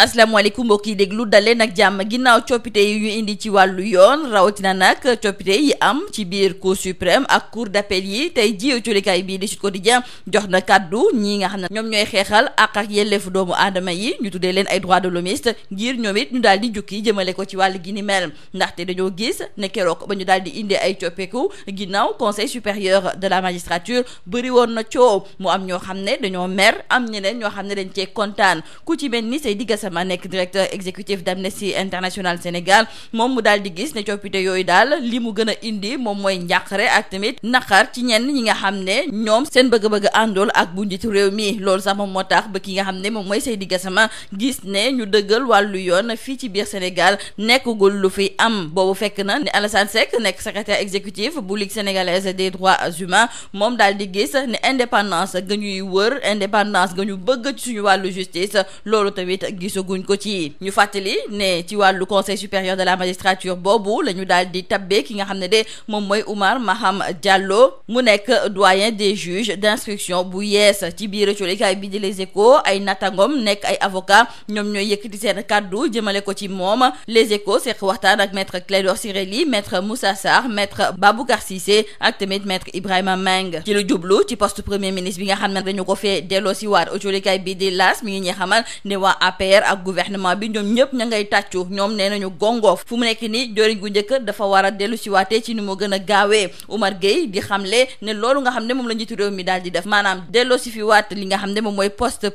asalaamaaleykum mbokk yi déglu dalee nag jàmm ginnaaw coppite yi ñu indi ci wàllu yoon rawatina nag coppite yi am ci biir cour suprême ak cour d'appel yi tey jii colikaay bii di Sud Quotidien jox na kàddu ñi nga xam ne ñoom ñooy xeexal ak ak yelleefu doomu aadama yi ñu tuddee leen ay droits de l'hommiste ngir ñoom it ñu daal di jukki jëmale ko ci wàll gi ni mel ndaxte dañoo gis ne keroog ba ñu daal di indee ay coppeeku ginnaaw conseil supérieur de la bëri woon na coow mu am ñoo xam ne dañoo mer am ñeneen ñoo xam ne dañ cee kontaan ku ci mel ni say digga Gassama nekk directeur exécutif d'Amnesty International Sénégal moom mu daal di gis ne coppite yooyu daal li mu gën a indi moom mooy njàqare ak tamit naqar ci ñenn ñi nga xam ne ñoom seen bëgg-bëgg àndool ak bu njiitu réew mi loolu sax moom moo tax ba ki nga xam ne moom mooy Seydi Gassama gis ne ñu dëggal wàllu yoon fii ci biir Sénégal nekkagul lu fi am boobu fekk na ne Alassane Seck nekk secrétaire exécutif bu Ligue sénégalaise des droits humains moom daal di gis ne indépendance ga ñuy wër indépendance ga ñu bëgg suñu wàllu justice loolu tamit gisaguñ ko ci ñu fàttali ne ci wàllu conseil supérieur de la magistrature boobu la ñu daal di tabbee ki nga xam ne de moom mooy Oumar Maham Diallo mu nekk doyen des juges d'instruction bu yees ci biir colikaay bi di les échos ay nattangom nekk ay avocat ñoom ñooy yëkkati seen kàddu jëmale ko ci moom les échos seq waxtaan ak maître Clédor Ciré Ly maître Moussa Sarr maître Baboucar Cissé ak tamit maître Ibrahima Meng ci lu jublu ci poste premier ministre bi nga xam ne dañu ko fee delloo si waat colikaay bi di las mi ngi ñuy xamal ak gouvernement bi ñoom ñëpp ña ngay tàccu ñoom nee nañu gongoof fu mu nekk ni joriñ gu njëkk dafa war a dellu si waatee ci ni mu gën a gaawee Oumar Gueye di xam ne mi daal di def maanaam delloo si fi ne moom mooy poste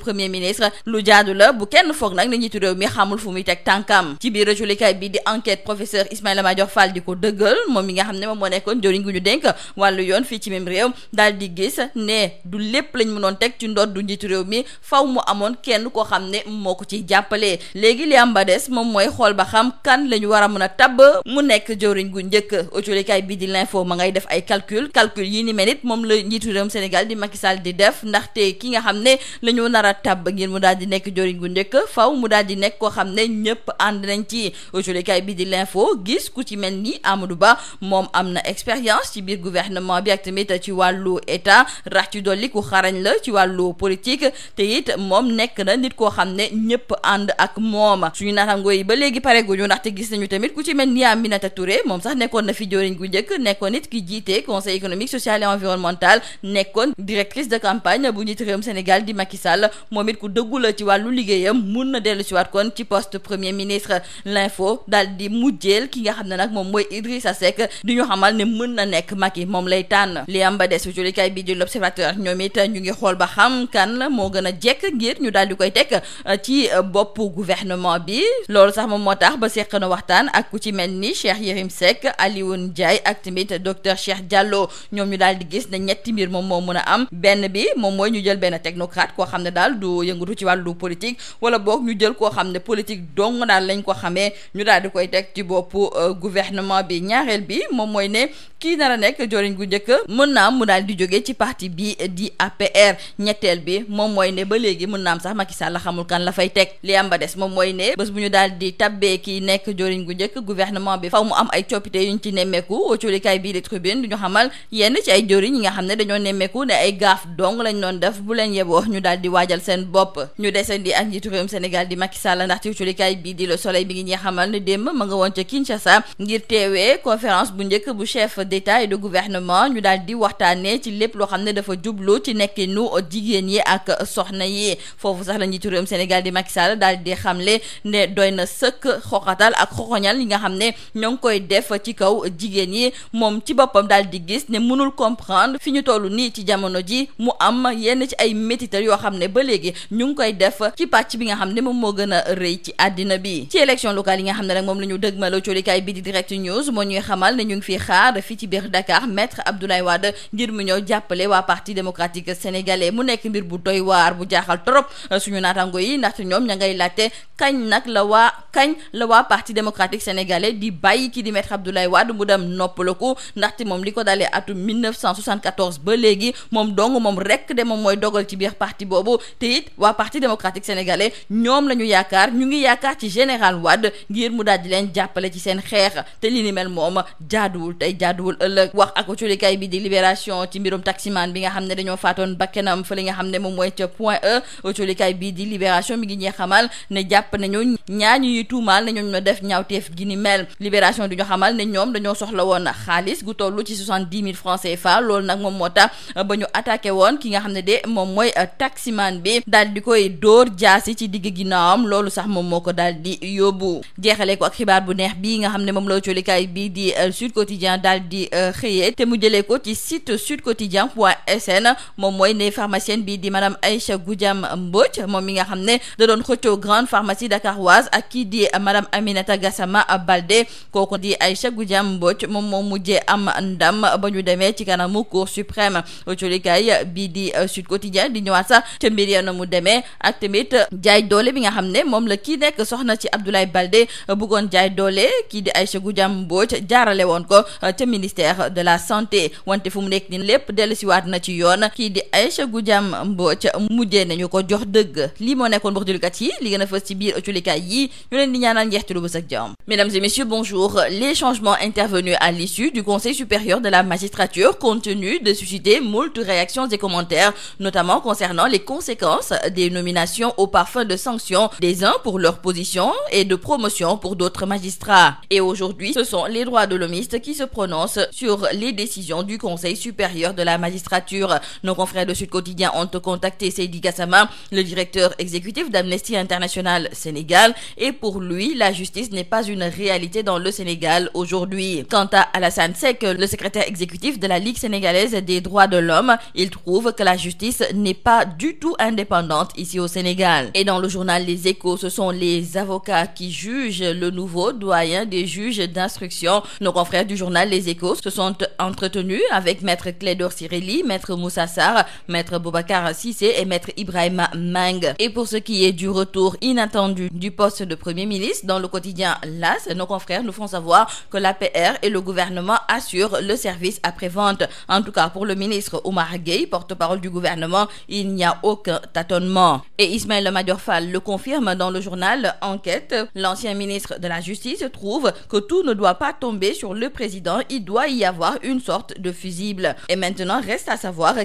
la bu kenn foog nag ne njiitu réew mi xamul fu muy teg tànkam ci biir julikaay bi di enquête professeur Ismaïla Madior Fall di ko dëggal moom mi nga xam ne moom moo nekkoon joriñ gu ñu dénk wàllu yoon fii ci même réew daal di gis ne du lépp lañ mënoon teg ci ndoor du njiitu réew mi faw mu amoon kenn koo xam ne moo ko ciy jàpp jàppale léegi li am ba des moom mooy xool ba xam kan la ñu war a mën a tabb mu nekk jëwriñ gu njëkk autolikaay bii di l'info ma ngay def ay calcul calcul yi ni mel it moom la njiitu réewum Sénégal di Macky Sall di def ndaxte ki nga xam ne la ñu nar a tabb ngir mu daal di nekk joriñ gu njëkk faw mu daal di nekk koo xam ne ñëpp ànd nañ ci autolikaay bii di l'info gis ku ci mel ni Amadou Ba moom am na expérience ci biir gouvernement bi ak tamit ci wàllu état rax ci dolli ku xarañ la ci wàllu politique te it moom nekk na nit koo xam ne ñëpp ànd ak mooma suñu naatangoo yi ba léegi pare guñu ndaxte gis nañu tamit ku ci mel ni Aminata Touré moom sax nekkoon na fi joriñ gu njëkk nekkoon nit ki jiitee conseil économique social et environnemental nekkoon directrice de campagne bu njiit réewum Sénégal di Macky Sall moom it ku dëggu la ci wàllu liggéeyam mun na dellu si waat kon ci poste premier ministre l'info daal di mujjeel ki nga xam ne nag moom mooy Idrissa Seck di ñu xamal ne mën na nekk Macky moom lay tànn li am ba des julikaay bi di l'observateur ñoom it ñu ngi xool ba xam kan moo gën a jekk ngir ñu daal di koy teg ci bopp gouvernement bi loolu sax moom moo tax ba seq na waxtaan ak ku ci mel ni Cheikh Yérim Seck Alioune Ndiaye ak tamit docteur Cheikh Diallo ñoom ñu daal di gis ne ñetti mbir moom moo mën a am benn bi moom mooy ñu jël benn technocrate koo xam ne daal du yëngatu ci wàllu politique wala boog ñu jël koo xam ne politique dong daal lañ ko xamee ñu daal di koy teg ci boppu euh, gouvernement bi ñaareel bi moom mooy ne kii nar a nekk joriñ gu njëkk mën naa mu daal di jóge ci parti bi di APR ñetteel bi moom mooy ne ba léegi mën naa am sax Macky Sall la xamul kan la fay teg li am ba des moom mooy ne bés bu ñu daal di tabbee ki nekk joriñ gu njëkk gouvernement bi faw mu am ay coppite yuñ ci nemmeeku cuulikaay bii di tribune du ñu xamal yenn ci ay joriñ yi nga xam ne dañoo nemmeeku ne ay gaaf dong lañ def bu leen yeboo ñu daal di waajal seen bopp ñu deseen di ak njiitu réewum Sénégal di Macky Sall ndax ci cuulikaay bii di le soleil bi ngi ñuy xamal ne démb ma nga woon ca Kinshasa ngir teewee conférence bu njëkk bu chef d'état et de gouvernement ñu daal di waxtaanee ci lépp loo xam ne dafa jublu ci nekkinu jigéen yi ak soxna yi foofu sax la njiitu réewum Sénégal di Macky Sall la daal di xamle ne doy na sëkk xoxatal ak xoxoñal yi nga xam ne ñoo ngi koy def ci kaw jigéen yi moom ci boppam daal di gis ne mënul comprendre fi ñu toll nii ci jamono ji mu am yenn ci ay métital yoo xam ne ba léegi ñu ngi koy def ci pàcc bi nga xam ne moom moo gën a rëy ci àddina bi ci élection locale yi nga xam ne rek moom la ñu dëgmaloo colikaay bi di direct news moo ñuy xamal ne ñu ngi fiy xaar fii ci biir Dakar maître Abdoulaye Wade ngir mu ñëw jàppale waa parti démocratique sénégalais mu nekk mbir bu doy waar bu jaaxal trop suñu naatango yi ndaxte ngay laajte kañ nag la waa kañ la waa parti démocratique sénégalais di bàyyi ki di maître Abdoulaye Wade mu dem ko ndaxte moom li ko dalee atum 1974 ba léegi moom dong moom rek de moom mooy dogal ci biir parti boobu te it waa parti démocratique sénégalais ñoom la ñu yaakaar ñu ngi yaakaar ci général Wade ngir mu daal di leen jàppale ci seen xeex te li ni mel moom jaaduwul tey jaaduwul ëllëg wax ak culikaay bi di libération ci mbirum taximaan bi nga xam ne dañoo faatoon bakkenam ne moom mooy ca point e culikaay bi xamal ne jàpp nañu ñaar ñuy tuumaal ne ñoom ñoo def ni mel libération du ñu xamal ne ñoom dañoo soxla woon xaalis gu toll ci soixante dix mille francs CFA loolu nag moom moo tax ba ñu attaqué woon ki nga xam ne de moom mooy taximan bi daal di koy dóor jaasi ci digg ginnaawam loolu sax moom moo ko daal di yóbbu jeexale ko ak xibaar bu neex bii nga xam ne moom la colikaay bii di euh, Sud Quotidien daal di euh, xëyee te mu jëlee ko ci site sud quotidien point sn moom mooy ne pharmacienne bii di madame Aïcha Goudiam Mbodj moom mi nga xam faite aux grandes pharmacies dakaroises ak kii di madame Aminata Gassama Baldé kooku di Aïcha Goudiam Mbodj moom moo mujjee am ndam ba ñu demee ci kanamu cour suprême colikaay bii di euh, Sud Quotidien di ñëwaat sax ca mbir ya na mu demee ak tamit jaay doole bi nga xam ne moom la kii nekk soxna ci Abdoulaye Baldé euh, bëggoon jaay doole kii di Aïcha Goudiam Mbodj jaarale woon ko euh, ca ministère de la santé wante fu mu nekk ni lépp dellusiwaat na ci yoon kii di Aïcha Goudiam Mbodj mujjee nañu ko jox dëgg lii moo nekkoon wax jullikat yi li gën a fës mesdames et messieurs bonjour les changements intervenus à l'issue du conseil supérieur de la magistrature continuent de susciter moult réactions et commentaires notamment concernant les conséquences des nominations au parfum de sanctions des uns pour leur position et de promotion pour d'autres magistrats et aujourd'hui ce sont les droits de l'homiste qui se prononcent sur les décisions du conseil supérieur de la international Sénégal et pour lui, la justice n'est pas une réalité dans le Sénégal aujourd'hui. Quant à Alassane Seck, le secrétaire exécutif de la Ligue sénégalaise des droits de l'homme, il trouve que la justice n'est pas du tout indépendante ici au Sénégal. Et dans le journal Les Échos, ce sont les avocats qui jugent le nouveau doyen des juges d'instruction. Nos confrères du journal Les Échos se sont entretenus avec maître Clédor Cirelli, maître Moussa retour inattendu du poste de Premier ministre. Dans le quotidien LAS, nos confrères nous font savoir que l'APR et le gouvernement assurent le service après-vente. En tout cas, pour le ministre Omar Gueye, porte-parole du gouvernement, il n'y a aucun tâtonnement. Et Ismaël Madiorfal le confirme dans le journal Enquête. L'ancien ministre de la Justice trouve que tout ne doit pas tomber sur le président. Il doit y avoir une sorte de fusible. Et maintenant, reste à savoir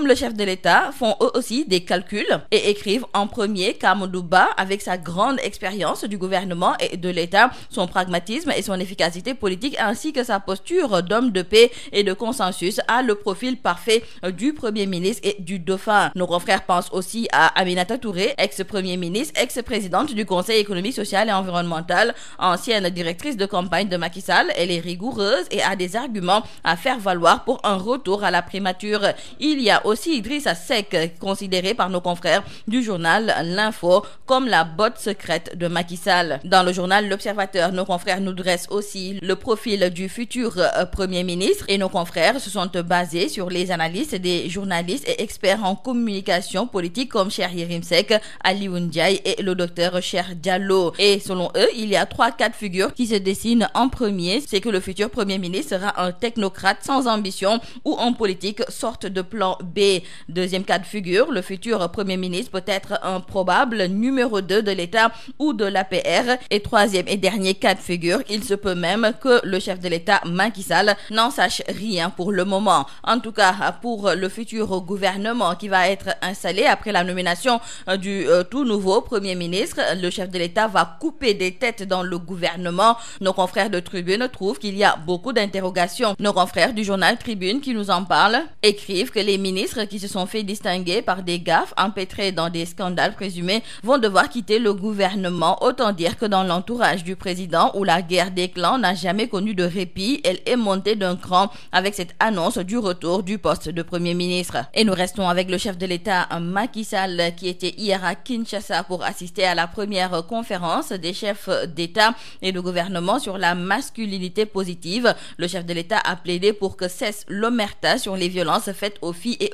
comme le chef de l'État, font eux aussi des calculs et écrivent en premier qu'Amadou avec sa grande expérience du gouvernement et de l'État, son pragmatisme et son efficacité politique, ainsi que sa posture d'homme de paix et de consensus, a le profil parfait du Premier ministre et du Dauphin. Nos confrères pensent aussi à Aminata Touré, ex-Premier ministre, ex-présidente du Conseil économique, social et environnemental, ancienne directrice de campagne aussi Idrissa Seck, considéré par nos confrères du journal L'Info comme la botte secrète de Macky Dans le journal L'Observateur, nos confrères nous dressent aussi le profil du futur euh, Premier ministre et nos confrères se sont basés sur les analyses des journalistes et experts en communication politique comme Cheikh Yérim Seck, Alioune Ndiaye et le docteur Cheikh Diallo. Et selon eux, il y a trois cas de qui se dessinent en premier, c'est que le futur Deuxième cas de figure, le futur Premier ministre peut être un probable numéro de l'État ou de l'APR. Et troisième et dernier cas de figure, il se peut même que le chef de l'État, Macky n'en sache rien pour le moment. En tout cas, pour le futur gouvernement qui va être installé après la nomination euh, du euh, tout nouveau Premier ministre, le chef de l'État va couper des têtes dans le gouvernement. Nos confrères de Tribune trouvent qu'il y a beaucoup d'interrogations. Nos en ministres qui se sont fait distinguer par des gaffes empêtrés dans des scandales présumés vont devoir quitter le gouvernement. Autant dire que dans l'entourage du président où la guerre des clans n'a jamais connu de répit, elle est montée d'un cran avec cette annonce du retour du poste de Premier ministre. Et nous restons avec le chef de l'État Macky qui était hier à Kinshasa pour assister à la première conférence des chefs d'État et de gouvernement sur a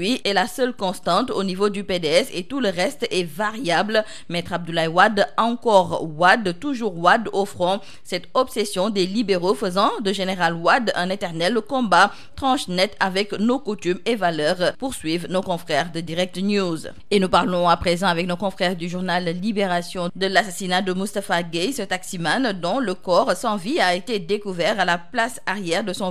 lui, est la seule constante au niveau du PDS et tout le reste est variable. Maître Abdoulaye Wade, encore Wade, toujours Wade au front. Cette obsession des libéraux faisant de Général Wade un éternel combat, tranche net avec nos coutumes et valeurs, poursuivent nos confrères de Direct News. Et nous parlons à présent avec nos confrères du journal Libération de l'assassinat de Mustapha Gay, taximan dont le corps sans vie a été découvert à la place arrière de son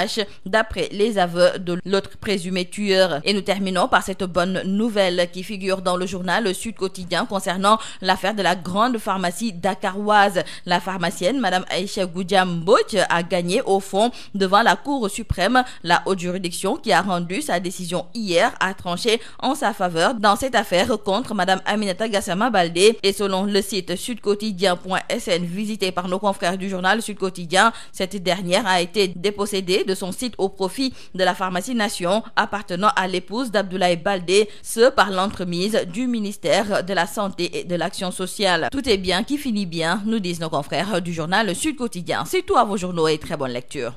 lâche d'après les aveux de l'autre présumé tueur. Et nous terminons par cette bonne nouvelle qui figure dans le journal Sud Quotidien concernant l'affaire de la grande pharmacie dakaroise. La pharmacienne, Madame Aïcha Goudiambouch, a gagné au fond devant la Cour suprême. La haute juridiction qui a rendu sa décision hier a tranché en sa faveur dans cette affaire contre Madame Aminata Gassama Baldé. Et selon le site sudquotidien.sn visité par nos confrères du a été dépossédée de son site au profit de la pharmacie Nation appartenant à l'épouse d'Abdoulaye Baldé, ce par l'entremise du ministère de la Santé et de l'Action sociale. Tout est bien qui finit bien, nous disent nos confrères du journal Sud Quotidien. C'est tout à vos journaux et très bonne lecture.